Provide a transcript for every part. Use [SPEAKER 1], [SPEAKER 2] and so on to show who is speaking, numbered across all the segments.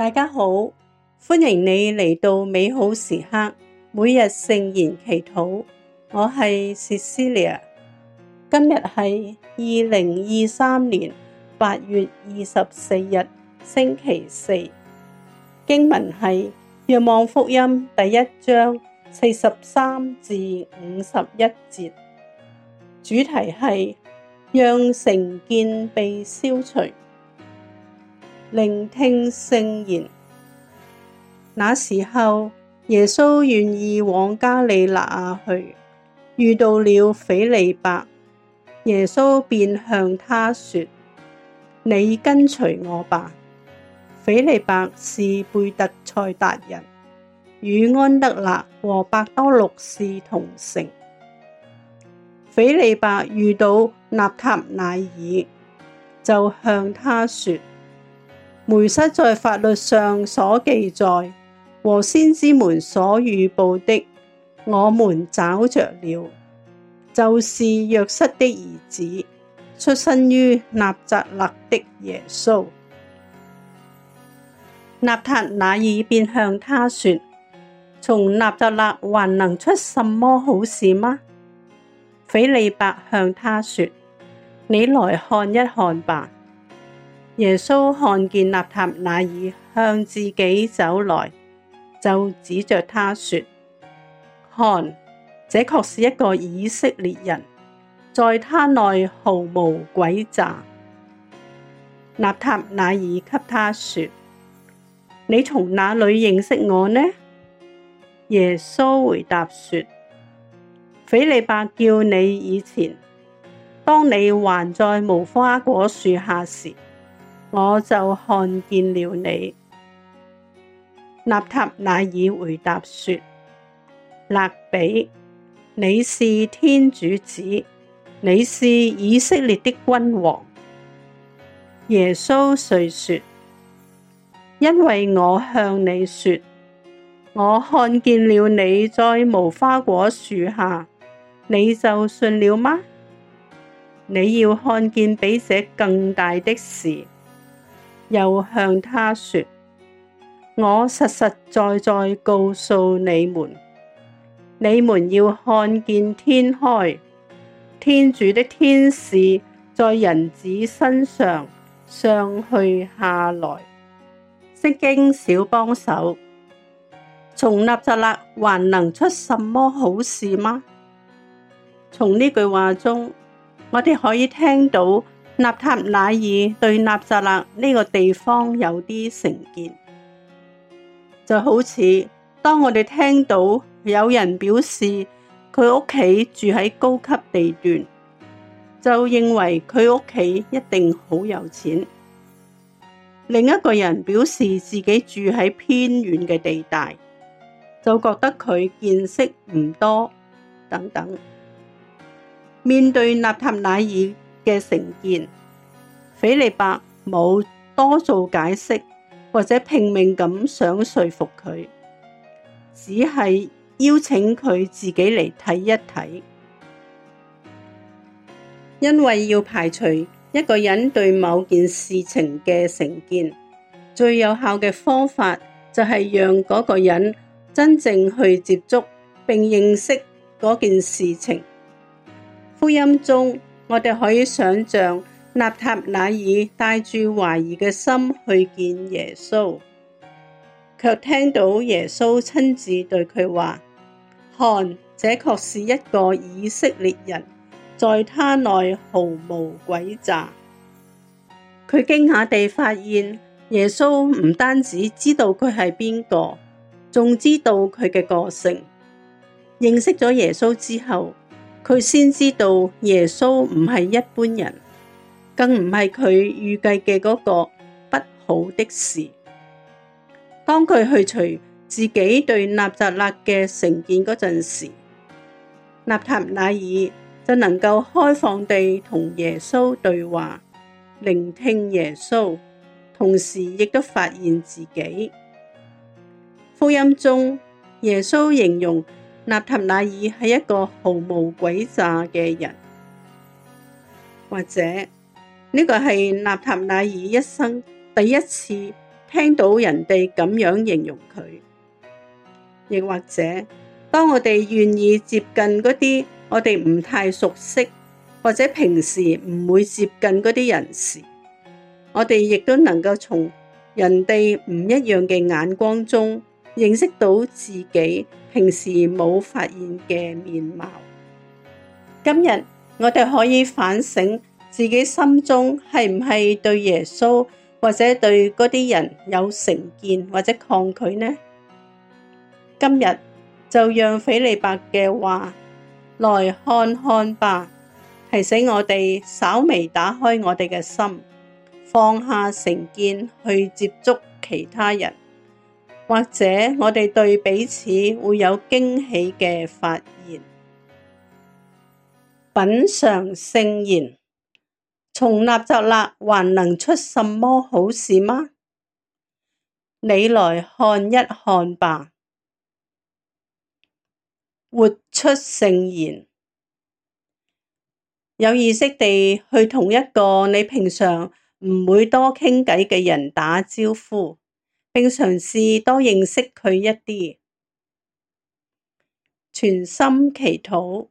[SPEAKER 1] 大家好，歡迎你嚟到美好時刻，每日聖言祈禱。我係 Cecilia 今日係二零二三年八月二十四日，星期四。經文係《若望福音》第一章四十三至五十一節，主題係讓成見被消除。聆聽聖言。那時候，耶穌願意往加里肋亞去，遇到了斐理伯，耶穌便向他說：你跟隨我吧。斐理伯是貝特賽達人，與安德肋和伯多祿是同城。斐理伯遇到納塔乃耳，就向他說。梅瑟在法律上所記載和先知們所預報的，我們找着了，就是若瑟的兒子，出身於納匝肋的耶穌。納塔乃耳便向他說：從納匝肋還能出什麼好事嗎？斐理伯向他說：你來看一看吧。耶穌看見納塔乃耳向自己走來，就指着他說：看，這確是一個以色列人，在他內毫無詭詐。納塔乃耳給他說：你從哪裏認識我呢？耶穌回答說：斐理伯叫你以前，當你還在無花果樹下時，我就看見了你。納塔乃耳回答說：辣彼，你是天主子，你是以色列的君王。耶穌遂說：因為我向你說，我看見了你在無花果樹下，你就信了嗎？你要看見比這更大的事。又向他說：我實實在在告訴你們，你們要看見天開，天主的天使在人子身上上去下來。釋經小幫手，從納匝肋，還能出什麼好事嗎？從呢句話中，我哋可以聽到。納塔乃耳對納匝肋呢個地方有啲成見，就好似當我哋聽到有人表示佢屋企住喺高級地段，就認為佢屋企一定好有錢；另一個人表示自己住喺偏遠嘅地帶，就覺得佢見識唔多等等。面對納塔乃耳。嘅成見，斐理伯冇多做解釋，或者拼命咁想說服佢，只係邀請佢自己嚟睇一睇。因為要排除一個人對某件事情嘅成見，最有效嘅方法就係讓嗰個人真正去接觸並認識嗰件事情。福音中。我哋可以想象，納塔乃耳帶住懷疑嘅心去見耶穌，卻聽到耶穌親自對佢話：「看，這確是一個以色列人，在他內毫無詭詐。佢驚訝地發現，耶穌唔單止知道佢係邊個，仲知道佢嘅個性。認識咗耶穌之後。佢先知道耶穌唔係一般人，更唔係佢預計嘅嗰個不好的事。當佢去除自己對納匝肋嘅成見嗰陣時，時，納塔乃耳就能夠開放地同耶穌對話，聆聽耶穌，同時亦都發現自己。福音中，耶穌形容。納塔乃耳係一個毫無詭詐嘅人，或者呢、這個係納塔乃耳一生第一次聽到人哋咁樣形容佢，亦或者當我哋願意接近嗰啲我哋唔太熟悉或者平時唔會接近嗰啲人時，我哋亦都能夠從人哋唔一樣嘅眼光中。認識到自己平時冇發現嘅面貌。今日我哋可以反省自己心中係唔係對耶穌或者對嗰啲人有成見或者抗拒呢？今日就讓斐理伯嘅話來看看吧，提醒我哋稍微打開我哋嘅心，放下成見去接觸其他人。或者我哋對彼此會有驚喜嘅發現。品嚐聖言，從納匝肋還能出什麼好事嗎？你來看一看吧。活出聖言，有意識地去同一個你平常唔會多傾偈嘅人打招呼。並嘗試多認識佢一啲，全心祈禱，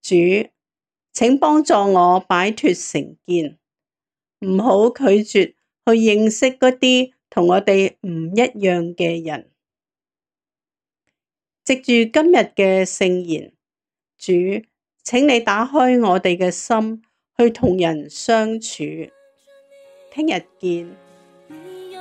[SPEAKER 1] 主，請幫助我擺脫成見，唔好拒絕去認識嗰啲同我哋唔一樣嘅人。藉住今日嘅聖言，主，請你打開我哋嘅心，去同人相處。聽日見。